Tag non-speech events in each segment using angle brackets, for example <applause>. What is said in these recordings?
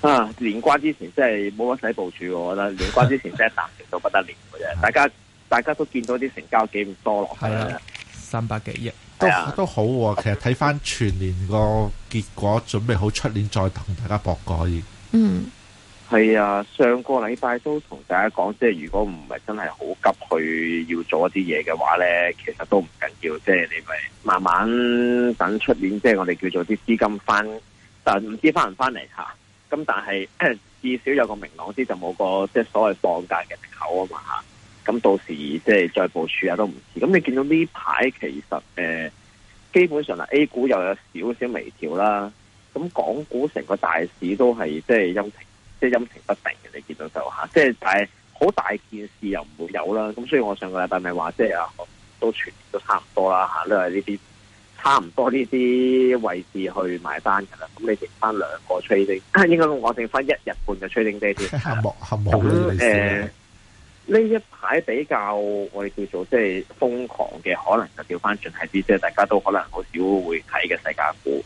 啊！年關之前真係冇乜使部署的，我覺得年關之前真係淡定到不得了嘅啫。 <laughs> 大家大家都見到啲成交幾咁多落去，三百幾億都、啊、都好、啊。其實睇翻全年個結果，準備好出年再同大家博過可以。嗯，係啊。上個禮拜都同大家講，即係如果唔係真係好急要去要做一啲嘢嘅話咧，其實都唔緊要。即係你咪慢慢等出年，即係我哋叫做啲資金翻，但唔知翻唔翻嚟吓。咁但係，至少有個明朗啲，就冇個即係所謂放假嘅口啊嘛嚇。咁到時即係再部署啊都唔遲。咁你見到呢排其實誒，基本上啊 A 股又有少少微調啦。咁港股成個大市都係即係陰晴，即係陰晴不定嘅。你見到就嚇，即係但係好大件事又唔會有啦。咁所以我上個禮拜咪話，即係啊都全年都差唔多啦嚇。都係呢啲。差唔多呢啲位置去埋單噶啦，咁你剩翻兩個 trading，應該我剩翻一日半嘅 trading day 呢啲嘅。呢一排比較我哋叫做即係、就是、瘋狂嘅，可能就叫翻轉係啲，即、就、係、是、大家都可能好少會睇嘅世界股。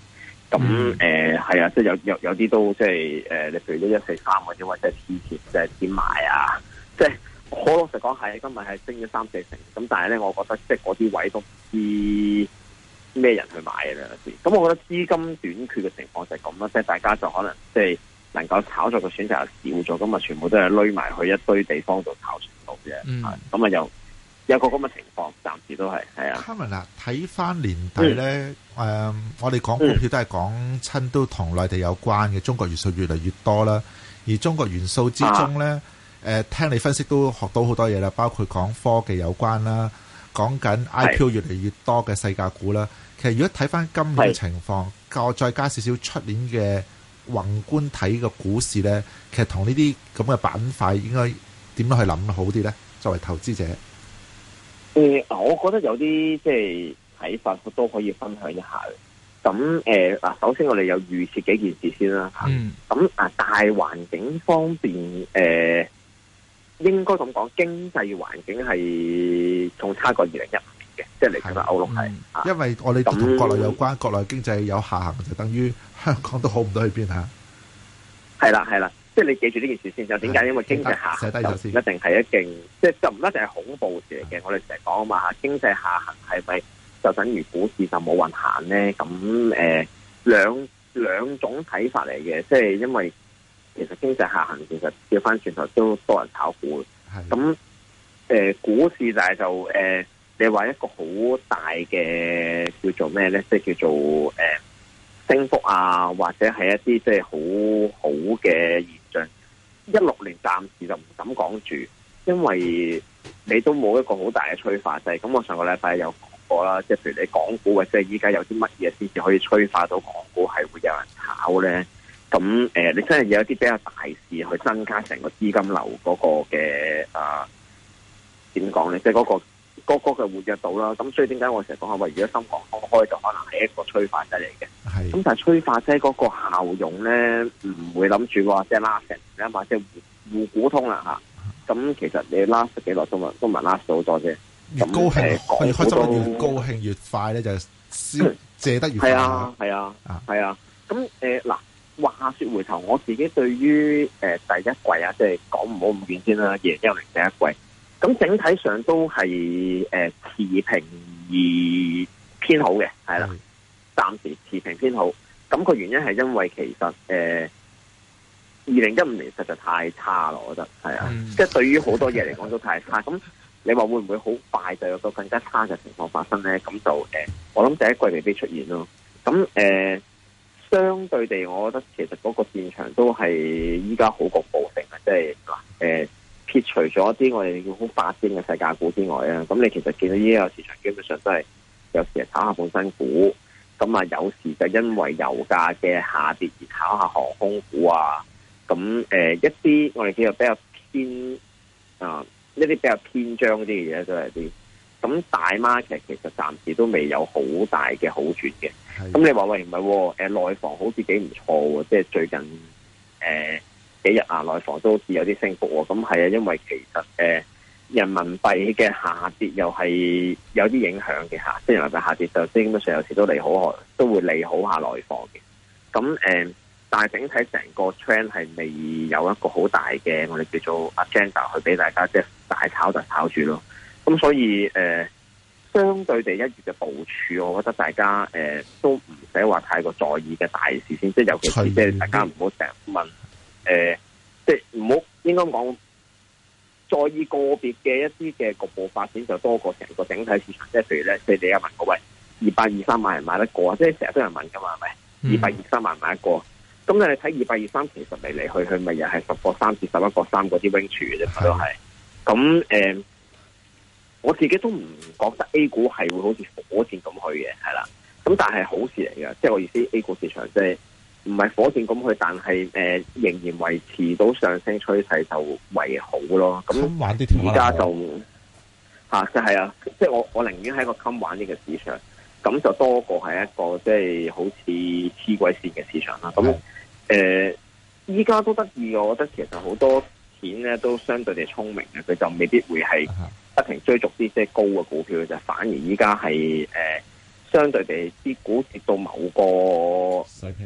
咁誒係啊，即係有有有啲都即係誒，例、就是呃、如一一四三或者或者之前即係天買啊！即係好老實講係今日係升咗三四成，咁但係咧，我覺得即係嗰啲位都唔知。咩人去買嘅咧？咁我覺得資金短缺嘅情況就係咁啦，即係大家就可能即係、就是、能夠炒作嘅選擇少咗，咁啊全部都係匿埋去一堆地方度炒作嘅，咁啊、嗯、有有個咁嘅情況，暫時都係係啊。Carmen 啊，睇翻年底咧、嗯呃，我哋講股票都係講親都同內地有關嘅中國元素越嚟越多啦。而中國元素之中咧、啊呃，聽你分析都學到好多嘢啦，包括講科技有關啦。講緊 IPO 越嚟越多嘅世界股啦，是其實如果睇翻今年嘅情況，夠是再加少少出年嘅宏觀睇嘅股市呢，其實同呢啲咁嘅板塊應該點樣去諗好啲呢？作為投資者，呃、我覺得有啲即係睇法，我都可以分享一下咁。嗱、呃，首先我哋有預設幾件事先啦嚇，咁啊，大環境方面、呃應該咁講，經濟環境係仲差過二零一五年嘅。即係嚟講啦，歐陸係。因為我哋同國內有關，那國內經濟有下行，就等於香港都好唔到去邊吓。係、啊、啦，係啦，即係你記住呢件事先。就點解？因為經濟下行一定係一件，即係就唔一定係恐怖事嚟嘅。的我哋成日講啊嘛，吓經濟下行係咪就等於股市就冇運行咧？咁誒，兩、呃、兩種睇法嚟嘅，即係因為。其實經濟下行，其實調翻轉頭都多人炒股嘅。咁，誒、呃，股市就係就，誒、呃，你話一個好大嘅叫做咩咧？即係叫做誒、呃，升幅啊，或者係一啲即係好好嘅現象。一六年暫時就唔敢講住，因為你都冇一個好大嘅催化劑。咁、就是、我上個禮拜有講過啦，即係譬如你港股或者係依家有啲乜嘢先至可以催化到港股係會有人炒咧？咁、呃、你真係有啲比較大事去增加成個資金流嗰個嘅，點講咧？即係嗰個嗰、嗰個嘅活躍度啦。咁所以點解我成日講係為咗深港通開，就可能係一個催化劑嚟嘅。咁係但係催化劑嗰個效用咧，唔會諗住話即係拉升你諗下即係滬股通啦咁、啊嗯、其實你拉升幾耐都唔都唔拉到好多啫。越高興開多越高興越快咧就係借得越快。嗯、啊，係啊，啊，啊。咁誒嗱。話說回頭，我自己對於誒第一季啊，即係講唔好咁遠，先啦，二零一零第一季，咁、就是、整體上都係誒、呃、持平而偏好嘅，係啦，暫、嗯、時持平偏好。咁個原因係因為其實誒二零一五年實在太差咯，我覺得係啊，即係、嗯、對於好多嘢嚟講都太差。咁你話會唔會好快就有個更加差嘅情況發生咧？咁就誒、呃，我諗第一季未必，必出現咯。咁誒。呃相對地，我覺得其實嗰個市場都係依家好局部性嘅，即係嗱，誒、呃、撇除咗啲我哋叫好發展嘅世界股之外啊，咁你其實見到呢個市場基本上都係有時係炒下本身股，咁啊有時就因為油價嘅下跌而炒下航空股啊，咁誒、呃、一啲我哋叫做比較偏啊一啲比較偏張啲嘅嘢都係啲。咁大 market 其實暫時都未有好大嘅好轉嘅是的、哦，咁你話喂唔係喎？誒內房好似幾唔錯喎，即係最近誒、呃、幾日啊，內房都好似有啲升幅喎、哦。咁係啊，因為其實誒、呃、人民幣嘅下跌又係有啲影響嘅嚇，即、就是、人民幣下跌就基本上有時都利好，都會利好下內房嘅。咁誒、呃，但係整體成個 trend 係未有一個好大嘅，我哋叫做 agenda 去俾大家即係大炒就炒住咯。咁、嗯、所以，誒、呃，相對地一月嘅部署，我覺得大家誒、呃、都唔使話太過在意嘅大事先，即係尤其是即係大家唔好成日問，誒、呃，即係唔好應該講在意個別嘅一啲嘅局部發展就多過成個整體市場，即係譬如咧，你哋一問我，喂，二百二三萬人買得過啊，即係成日都有人問噶嘛，係咪？嗯、二百二三萬買得過？咁你睇二百二三，其實嚟嚟去去咪又係十個三至十一個三嗰啲 range 嘅啫都係。咁、嗯、誒。我自己都唔覺得 A 股係會好似火箭咁去嘅，係啦。咁但係好事嚟嘅，即係我意思，A 股市場即係唔係火箭咁去，但係誒仍然維持到上升趨勢就為好咯。咁玩啲調啦，而家就吓，就係啊！即係我我寧願喺個襟玩呢個市場，咁就多過係一個即係好似黐鬼線嘅市場啦。咁誒，而家是的，呃，都得意，我覺得其實好多錢咧都相對地聰明嘅，佢就未必會係。不停追逐啲即係高嘅股票，就反而依家，係誒相對地啲股跌到某個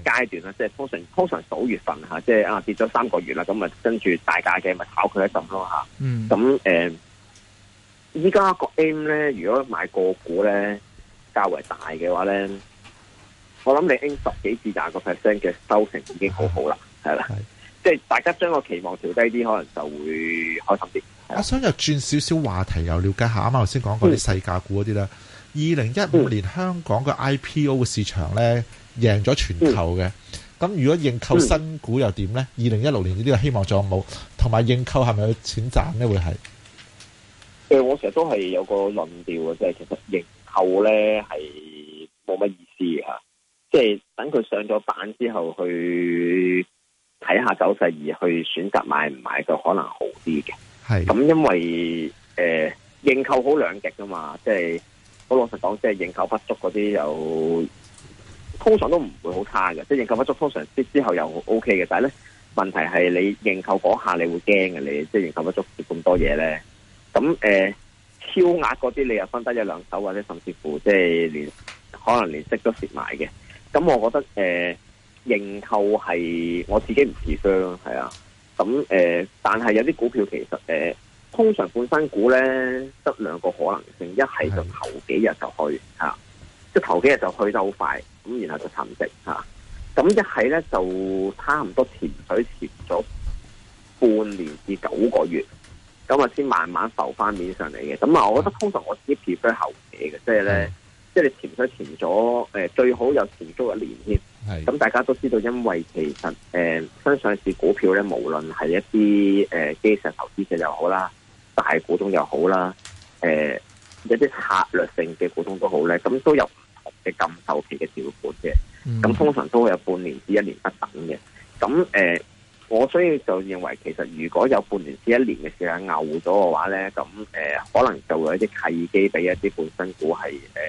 階段啦 Second.，即係通常通常九月份吓，即係啊跌咗三個月啦，咁啊跟住大價嘅咪炒佢一陣咯吓，咁誒、mm.，呃、依家個 aim 咧，如果買個股咧較為大嘅話咧，我諗你拎十幾至廿個 percent 嘅收成已經好好啦，係啦，即係大家將個期望調低啲，可能就會開心啲。我、啊、想又轉少少話題，又了解下啱啱頭先講過啲細價股嗰啲啦。二零一五年香港個 IPO 嘅市場呢，贏咗全球嘅，咁、嗯嗯、如果認購新股又點呢？二零一六年呢啲個希望仲有冇？同埋認購係咪有錢賺呢？會係？誒，我成日都係有個論調嘅，即係其實認購呢係冇乜意思嚇，即係等佢上咗板之後去睇下走勢而去選擇買唔買就可能好啲嘅。係咁，因為誒、呃、認購好兩極噶嘛，即係好老實講，即係認購不足嗰啲有通常都唔會好差嘅，即、就、係、是、認購不足通常之之後又 OK 嘅，但係咧問題係你認購嗰下你會驚嘅，你即係、就是、認購不足蝕咁多嘢咧，咁誒、呃、超額嗰啲你又分得一兩手或者甚至乎即係連可能連息都蝕埋嘅，咁我覺得誒、呃、認購係我自己唔自信咯，係啊。咁誒、嗯呃，但係有啲股票其實誒、呃，通常本身股咧得兩個可能性，一係就頭幾日就去吓，即係是的、啊、頭幾日就去得好快，咁然後就沉寂吓。咁、啊嗯、一係咧就差唔多潛水潛咗半年至九個月，咁啊先慢慢浮翻面上嚟嘅。咁啊，我覺得通常我自己 prefer 後者嘅，即係咧，即係你潛水潛咗誒、呃，最好有潛足一年先。咁是大家都知道，因為其實誒新、呃、上市股票咧，無論係一啲誒、呃、基石投資者又好啦，大股東又好啦，誒、呃、一啲策略性嘅股東都好咧，咁都有唔同嘅禁售期嘅條款嘅。咁、嗯、通常都會有半年至一年不等嘅。咁誒、呃，我所以就認為，其實如果有半年至一年嘅時間牛咗嘅話咧，咁誒、呃、可能就會有一啲契機俾一啲本身股係誒、呃、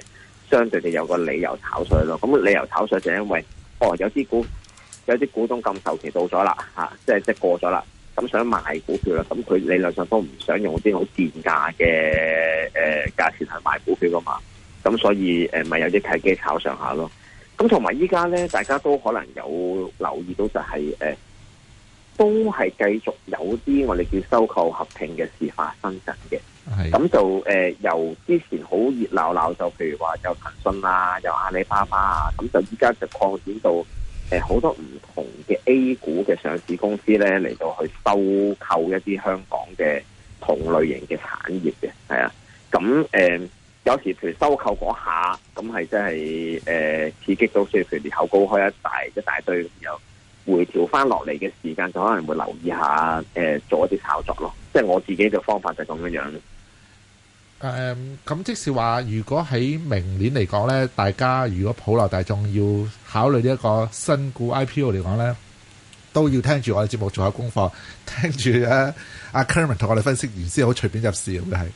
相對地有個理由炒上咯。咁理由炒上就因為。哦，有啲股有啲股東咁受期到咗啦、啊，即係即係過咗啦，咁想賣股票啦，咁佢理論上都唔想用啲好賤價嘅誒、呃、價錢去賣股票噶嘛，咁所以咪、呃呃、有啲契機炒上下咯，咁同埋依家咧大家都可能有留意到就係、是呃都係繼續有啲我哋叫收購合併嘅事發生緊嘅。咁的就、呃、由之前好熱鬧鬧就譬如話有騰訊啦，有阿里巴巴啊，咁就依家就擴展到好、呃、多唔同嘅 A 股嘅上市公司呢，嚟到去收購一啲香港嘅同類型嘅產業嘅，係啊，咁、呃、有時譬如收購嗰下，咁係真係、呃、刺激到即係譬如口高開一大一大堆回調翻落嚟嘅時間，就可能會留意一下，誒、呃，做一啲炒作咯。即係我自己嘅方法就咁樣樣。誒、嗯，咁即使話，如果喺明年嚟講咧，大家如果普羅大眾要考慮呢一個新股 IPO 嚟講咧，都要聽住我哋節目做下功課，聽住咧、啊，阿 Kieran 同我哋分析完之後好隨便入市嘅係。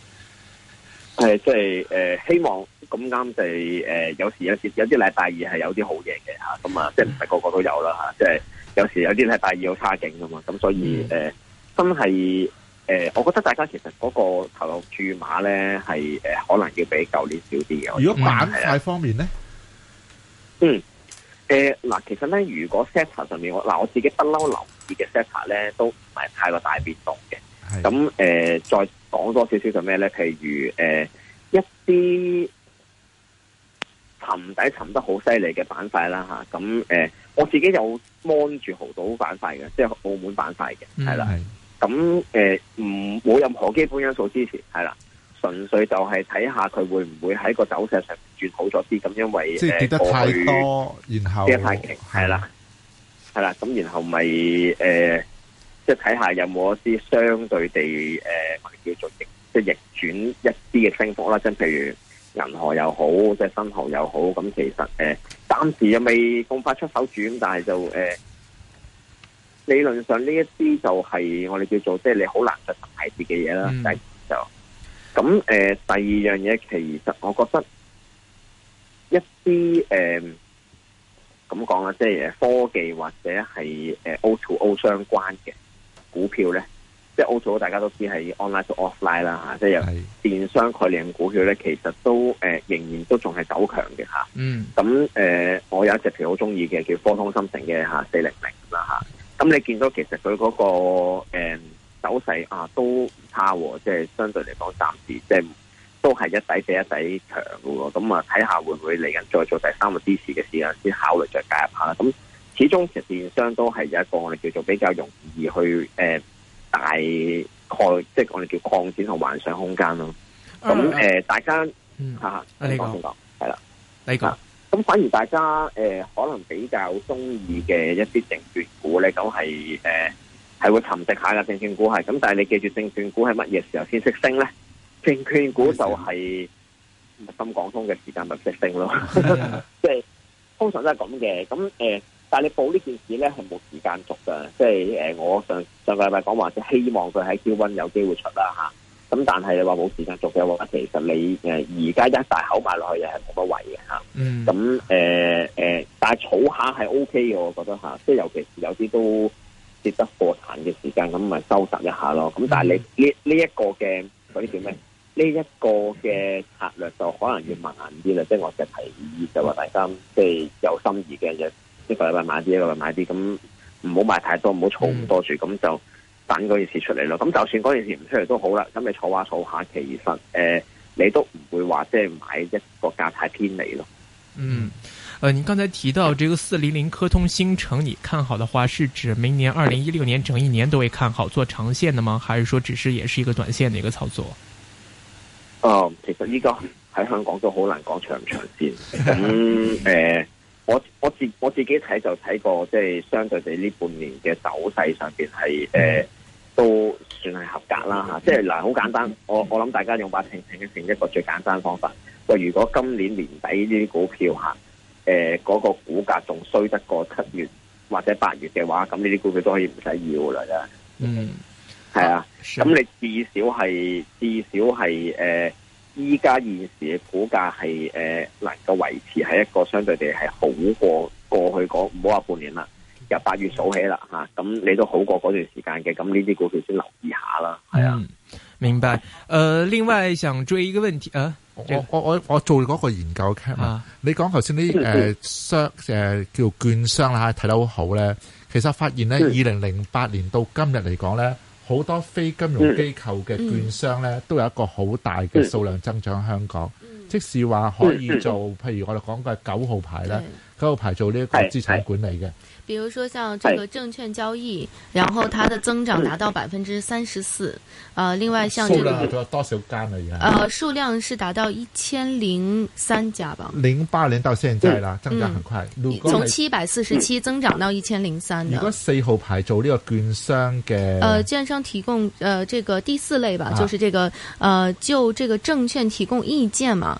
誒、就是，即係誒，希望咁啱就係、是，誒、呃，有時有時有啲禮拜二係有啲好嘢嘅吓，咁啊，即係唔係個個都有啦吓、啊，即係。有時有啲咧大二好差勁㗎嘛，咁所以誒、嗯呃、真係誒、呃，我覺得大家其實嗰個投入注碼咧係誒，可能要比舊年少啲嘅、嗯呃呃。如果板塊方面咧，嗯誒嗱，其實咧如果 sector 上面我嗱，我自己不嬲留意嘅 sector 咧，都唔係太過大變動嘅。咁誒的、呃，再講多少少就咩咧？譬如誒、呃、一啲。沉底沉得好犀利嘅板塊啦，吓，咁誒，我自己有望住濠賭板塊嘅，即係澳門板塊嘅，係啦。咁誒、嗯，唔冇、呃、任何基本因素支持，係啦，純粹就係睇下佢會唔會喺個走勢上轉好咗啲，咁因為即係跌得太多，然後跌得太勁，係啦，係啦，咁然後咪誒，即係睇下有冇一啲相對地誒，呃、叫做逆即係、即係、逆轉一啲嘅升幅啦，即係譬如。人行又好，即係新行又好，咁其實誒，暫、呃、時又未咁快出手轉，但係就誒、呃，理論上呢一啲就係我哋叫做即係你好難嘅大字嘅嘢啦，就咁、是、誒、嗯呃，第二樣嘢其實我覺得一啲誒，咁講啊，即係科技或者係誒 O to O 相關嘅股票咧。即係澳洲，大家都知係 online to offline 啦吓，即係電商概念股票咧，其實都誒、呃、仍然都仲係走強嘅吓。嗯、mm.。咁、呃、誒，我有一隻票好中意嘅，叫科通芯城嘅吓，四零零啦吓。咁你見到其實佢嗰、那個誒、嗯、走勢啊都唔差，即係相對嚟講暫時即係都係一底比一底強喎。咁啊，睇下會唔會嚟緊再做第三個支持嘅時間先考慮再介入下啦，咁始終其實電商都係有一個我哋叫做比較容易去誒。呃大概即係我哋叫擴展同幻想空間咯。咁誒、啊，呃、大家吓，嗯先啊、你講，係啦，你講。咁、啊、反而大家誒、呃，可能比較中意嘅一啲證券股咧，咁係誒，係、呃、會沉寂下噶。證券股係咁，但係你記住，證券股係乜嘢時候先識升咧？證券股就係深港通嘅時間咪識升咯。即係、啊、通常都係咁嘅。咁誒。呃但係你報呢件事咧，係冇時間續嘅，即係誒，我上上個禮拜講話，就希望佢喺 q 温有機會出啦嚇。咁但係你話冇時間續嘅話，其實你誒而家一大口買落去又係冇乜位嘅嚇。咁誒誒，但係儲下係 OK 嘅，我覺得嚇。即係尤其是有啲都值得過彈嘅時間，咁咪收集一下咯。咁但係你呢呢、嗯、一個嘅嗰啲叫咩？呢一個嘅策略就可能要慢啲啦。即係我嘅提議就話大家即係有心意嘅嘢。一個禮拜買啲，一個禮拜買啲，咁唔好買太多，唔好儲咁多住，咁、嗯、就等嗰件事出嚟咯。咁就算嗰件事唔出嚟都好啦，咁你儲下儲下，其實誒、呃、你都唔會話即係買一個價太偏離咯。嗯，誒、呃，你剛才提到這個四零零科通星城，你看好的話是指明年二零一六年整一年都會看好做長線嘅嗎？還是說只是也是一個短線的一個操作？哦、呃，其實依家喺香港都好難講長唔長線，咁誒。呃 <laughs> 我我自我自己睇就睇過，即係相對地呢半年嘅走勢上邊係誒都算係合格啦吓。即係嗱，好簡單，我我諗大家用把秤秤一秤一個最簡單方法。喂，如果今年年底呢啲股票吓誒嗰個股價仲衰得過七月或者八月嘅話，咁呢啲股票都可以唔使要啦。嗯，係啊，咁、啊、你至少係至少係誒。呃依家現，現時嘅股價係誒能夠維持喺一個相對地係好過過去嗰唔好話半年啦，由八月數起啦吓，咁、啊、你都好過嗰段時間嘅，咁呢啲股票先留意一下啦，係、嗯、啊，明白。誒、呃，另外想追一個問題啊，我我我做嗰個研究 Clement、啊、你講頭先啲誒商誒叫做券商啦，睇得好好咧，其實發現咧二零零八年到今日嚟講咧。好多非金融機構嘅券商咧，都有一個好大嘅數量增長喺香港。即使話可以做，譬如我哋講嘅九號牌咧。都排做呢個資產管理嘅，比如說像這個證券交易，是然後它的增長達到百分之三十四，呃，另外像這個，多少間呃，數量是達到一千零三家吧。零八年到現在啦，嗯、增長很快。嗯、從七百四十七增長到一千零三。如果四號牌做呢個券商的呃，券商提供，呃，這個第四類吧，啊、就是這個，呃，就這個證券提供意見嘛。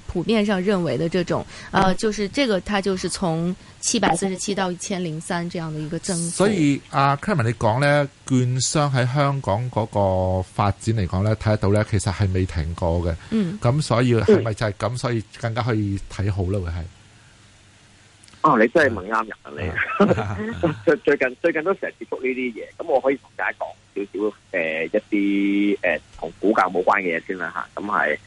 普遍上認為嘅，這種，呃，就是這個，它就是從七百四十七到一千零三這樣的一個增長。所以啊 Carmen 你講呢，券商喺香港嗰個發展嚟講呢，睇得到呢，其實係未停過嘅。嗯。咁所以係咪就係咁？嗯、所以更加可以睇好咧？會係？哦、啊，你真係問啱人啊！你最、啊、 <laughs> 最近最近都成日接觸呢啲嘢，咁我可以同大家講少少誒，一啲誒同股價冇關嘅嘢先啦吓，咁、啊、係。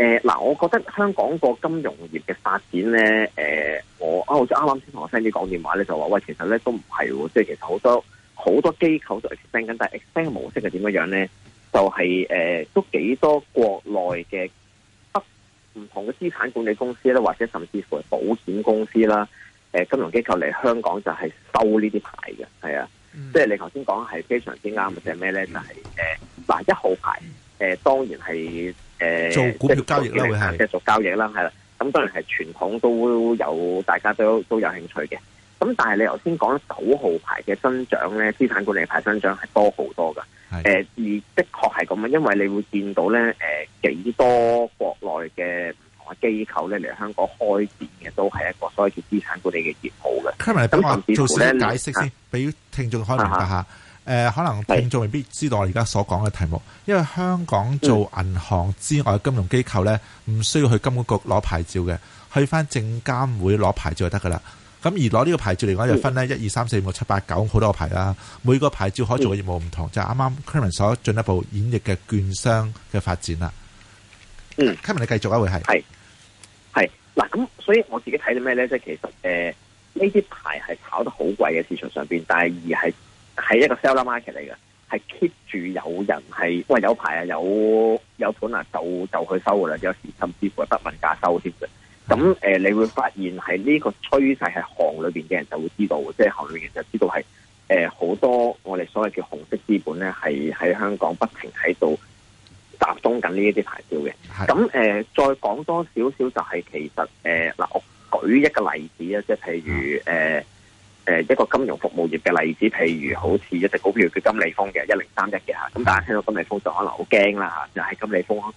誒、嗱、呃，我覺得香港個金融業嘅發展咧，誒、呃，我啊，似啱啱先同我 friend 啲講電話咧，就話喂，其實咧都唔係，即係其實好多好多機構都在 expand 緊，但係 expand 嘅模式係點樣樣咧？就係、是、誒、呃，都幾多國內嘅不唔同嘅資產管理公司咧，或者甚至乎係保險公司啦，誒、呃，金融機構嚟香港就係收呢啲牌嘅，係啊，即係、嗯、你頭先講係非常之啱嘅，咩咧？就係、是、誒，嗱、呃呃、一號牌，誒、呃，當然係。做股票交易啦，係、呃，即係做交易啦，係啦是。咁當然係傳統都有，大家都都有興趣嘅。咁但係你頭先講九號牌嘅增長咧，資產管理的牌的增長係多好多噶。誒的，而的確係咁樣，因為你會見到咧，誒、呃，幾多國內嘅唔同嘅機構咧嚟，香港開店嘅，都係一個所謂叫資產管理嘅業務嘅。開埋等我做少少解釋先，俾、啊、聽眾開明白下。誒、呃，可能聽眾未必知道我而家所講嘅題目，因為香港做銀行之外嘅金融機構咧，唔需要去金管局攞牌照嘅，去翻證監會攞牌照就得噶啦。咁而攞呢個牌照嚟講，就分呢一二三四五六七八九好多個牌啦、啊。每個牌照可做嘅業務唔同，嗯、就啱啱 Clement 所進一步演繹嘅券商嘅發展啦。嗯，Clement 你繼續啊，會係係係嗱，咁所以我自己睇到咩咧？即係其實誒，呢、呃、啲牌係炒得好貴嘅市場上邊，但係而係。係一個 sell market 嚟嘅，係 keep 住有人係，喂有牌啊，有有盤啊，就就去收噶啦，有時甚至乎係不問價收添嘅。咁誒、呃，你會發現喺呢個趨勢係行裏邊嘅人就會知道即係、就是、行裏邊就知道係誒好多我哋所謂嘅紅色資本咧，係喺香港不停喺度集中緊呢一啲牌照嘅。咁誒是的、呃，再講多少少就係其實誒嗱、呃，我舉一個例子啊，即係譬如誒。嗯呃誒，一個金融服務業嘅例子，譬如好似一隻股票叫金利豐嘅一零三一嘅吓，咁大家聽到金利豐就可能好驚啦吓，就係、是、金利豐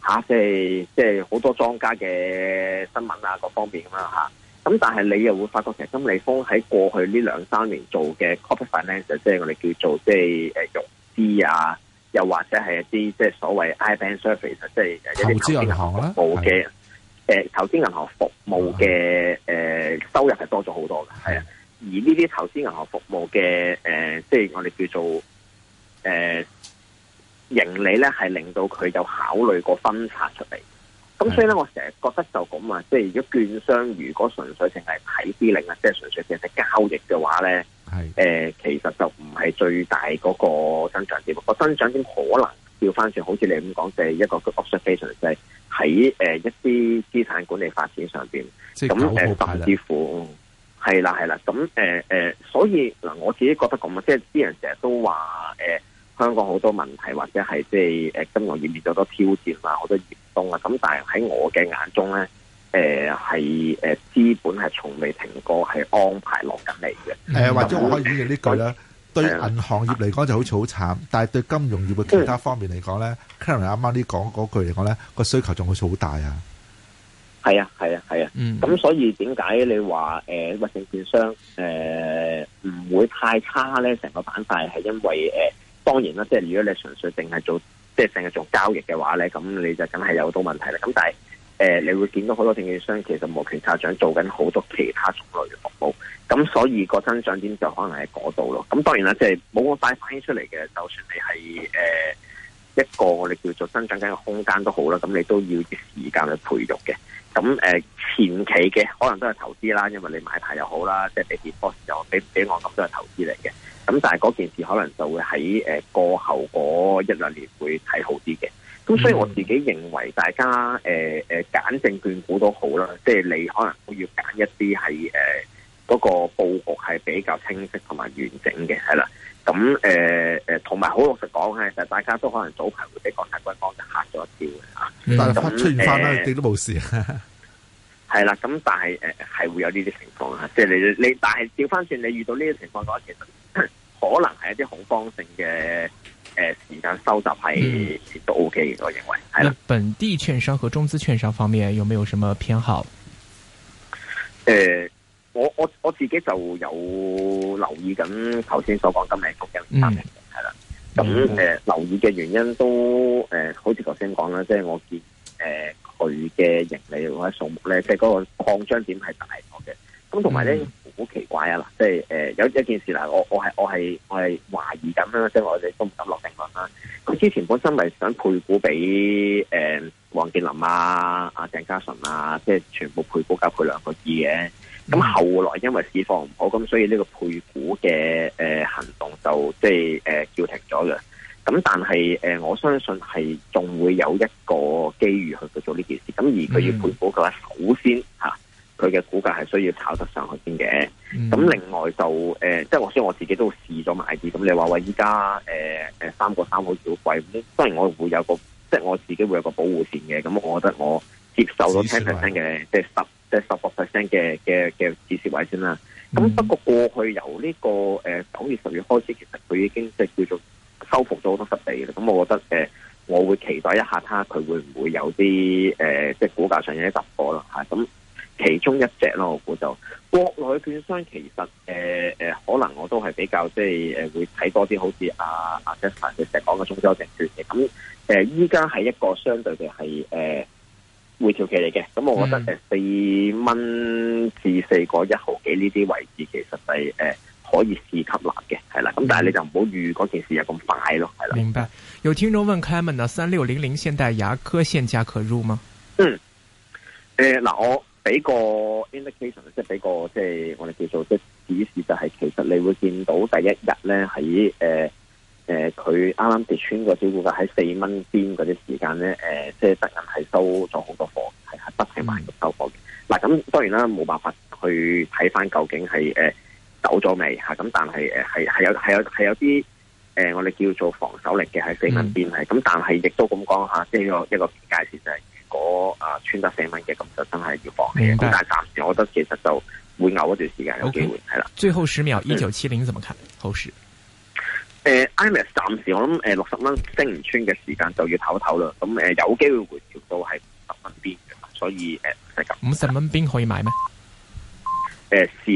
啊，是即係即係好多莊家嘅新聞啊，各方面咁啦吓。咁、啊、但係你又會發覺，其實金利豐喺過去呢兩三年做嘅 corporate finance 咧，即係我哋叫做即係誒融資啊，又或者係一啲即係所謂 ibank service，即係一啲投資銀行服務嘅誒，投資銀行,行服務嘅誒的、呃呃、收入係多咗好多嘅，係啊。而呢啲投資銀行服務嘅誒、呃，即係我哋叫做誒、呃、盈利咧，係令到佢有考慮過分拆出嚟。咁所以咧，是的 我成日覺得就咁啊，即係如果券商如果純粹淨係睇啲零啊，即係純粹淨係交易嘅話咧，係誒是的、呃、其實就唔係最大嗰個增長點。個增長點可能調返轉，好似你咁講，就係、是、一個 observation，即係喺誒一啲資產管理發展上邊，咁誒的那甚至乎。係啦，係啦，咁誒誒，所以嗱、呃，我自己覺得咁啊，即係啲人成日都話誒、呃，香港好多問題，或者係即係誒金融業面對好多挑戰啊，好多嚴冬啊，咁但係喺我嘅眼中咧，誒係誒資本係從未停過，係安排落緊嚟嘅。誒、嗯，嗯、或者我可以演繹呢句啦：以對銀行業嚟講就好似好慘，嗯、但係對金融業嘅其他方面嚟講咧 Clement 啱啱啲講嗰句嚟講咧，個需求仲好似好大啊。係啊，係啊，係啊。咁、嗯、所以點解你話誒，證券商誒唔、呃、會太差咧？成個板塊係因為誒、呃，當然啦，即係如果你純粹淨係做，即係淨係做交易嘅話咧，咁你就梗係有好多問題啦。咁但係誒、呃，你會到很見到好多證券商其實冇其他想做緊好多其他種類嘅服務。咁所以個增長點就可能喺嗰度咯。咁當然啦，即係冇咁快反映出嚟嘅。就算你係誒。呃一個我哋叫做增長型嘅空間都好啦，咁你都要啲時間去培育嘅。咁誒、呃、前期嘅可能都係投資啦，因為你買牌又好啦，即係你跌波嘅時候，比比我咁都係投資嚟嘅。咁但係嗰件事可能就會喺誒、呃、過後嗰一兩年會睇好啲嘅。咁所以我自己認為大家誒誒揀證券股都好啦，即係你可能會要揀一啲係誒嗰個布局係比較清晰同埋完整嘅，係啦。咁誒誒，同埋好老實講，係其實大家都可能早排會俾國泰君安就吓咗一跳嘅吓、呃。但係出完翻啦，你都冇事。係啦，咁但係誒係會有呢啲情況啊，即、就、係、是、你你，但係調翻轉你遇到呢啲情況嘅話，其實可能係一啲恐慌性嘅誒、呃、時間收集係都 OK，我認為係啦。本地券商和中資券商方面，有冇有什麼偏好？誒、呃。我我我自己就有留意緊頭先所講今日股嘅反彈嘅係啦，咁誒留意嘅原因都誒、呃，好似頭先講啦，即係我見誒佢嘅盈利或者數目咧，即係嗰個擴張點係大咗嘅，咁同埋咧。嗯好奇怪啊！嗱，即係誒有一件事啦，我我係我係我係懷疑咁啦，即係我哋都唔敢落定論啦。佢之前本身係想配股俾誒黃健林啊、阿、啊、鄭家純啊，即係全部配股交配兩個字嘅。咁、嗯、後來因為市況唔好，咁所以呢個配股嘅誒、呃、行動就即係誒、呃、叫停咗嘅。咁但係誒、呃，我相信係仲會有一個機遇去去做呢件事。咁而佢要配股嘅話，嗯、首先嚇。佢嘅股價係需要炒得上去先嘅，咁、嗯、另外就誒，即係我雖然我自己都試咗買啲，咁你話話依家誒誒三個三好小貴，咁當然我會有個，即係我自己會有個保護線嘅，咁我覺得我接受到十 percent 嘅，即係十即係十個 percent 嘅嘅嘅止蝕位先啦。咁、嗯、不過過去由呢、這個誒九、呃、月十月開始，其實佢已經即係叫做收復咗好多失地嘅，咁我覺得誒、呃，我會期待一下睇下佢會唔會有啲誒、呃，即係股價上有啲突破咯嚇咁。其中一隻咯，我估就國內券商其實誒誒、呃，可能我都係比較即係誒、呃，會睇多啲好似阿阿 Jessica 佢哋講嘅中州證券嘅咁誒。依家係一個相對嘅係誒回調期嚟嘅，咁、呃、我覺得誒四蚊至四個一毫幾呢啲位置其實係誒、呃、可以試吸納嘅，係啦。咁但係你就唔好預嗰件事又咁快咯，係啦。明白。有聽眾問 Clement 啊三六零零現代牙科現價可入嗎？嗯，誒、呃、老。呃俾個 indication，即係俾個即係我哋叫做即指示，指示就係、是、其實你會見到第一日咧，喺誒佢啱啱跌穿嗰小股價喺四蚊邊嗰啲時間咧、呃，即係突然係收咗好多貨，係係不停買咁收貨嘅。嗱咁、嗯、當然啦，冇辦法去睇翻究竟係誒、呃、走咗未。咁但係誒係有係有有啲誒、呃、我哋叫做防守力嘅喺四蚊邊咁，嗯、但係亦都咁講下，即係一個一個界就係、是。嗰啊穿得四蚊嘅咁就真係要放棄，白但暫時我覺得其實就會牛一段時間有機會係啦。Okay, 的最後十秒，一九七零，怎麼看？好事誒，IMAX 暫時我諗誒六十蚊升唔穿嘅時間就要唞一唞啦。咁誒、呃、有機會回調到係五十蚊邊，所以誒五十蚊邊可以買咩？誒、呃，試試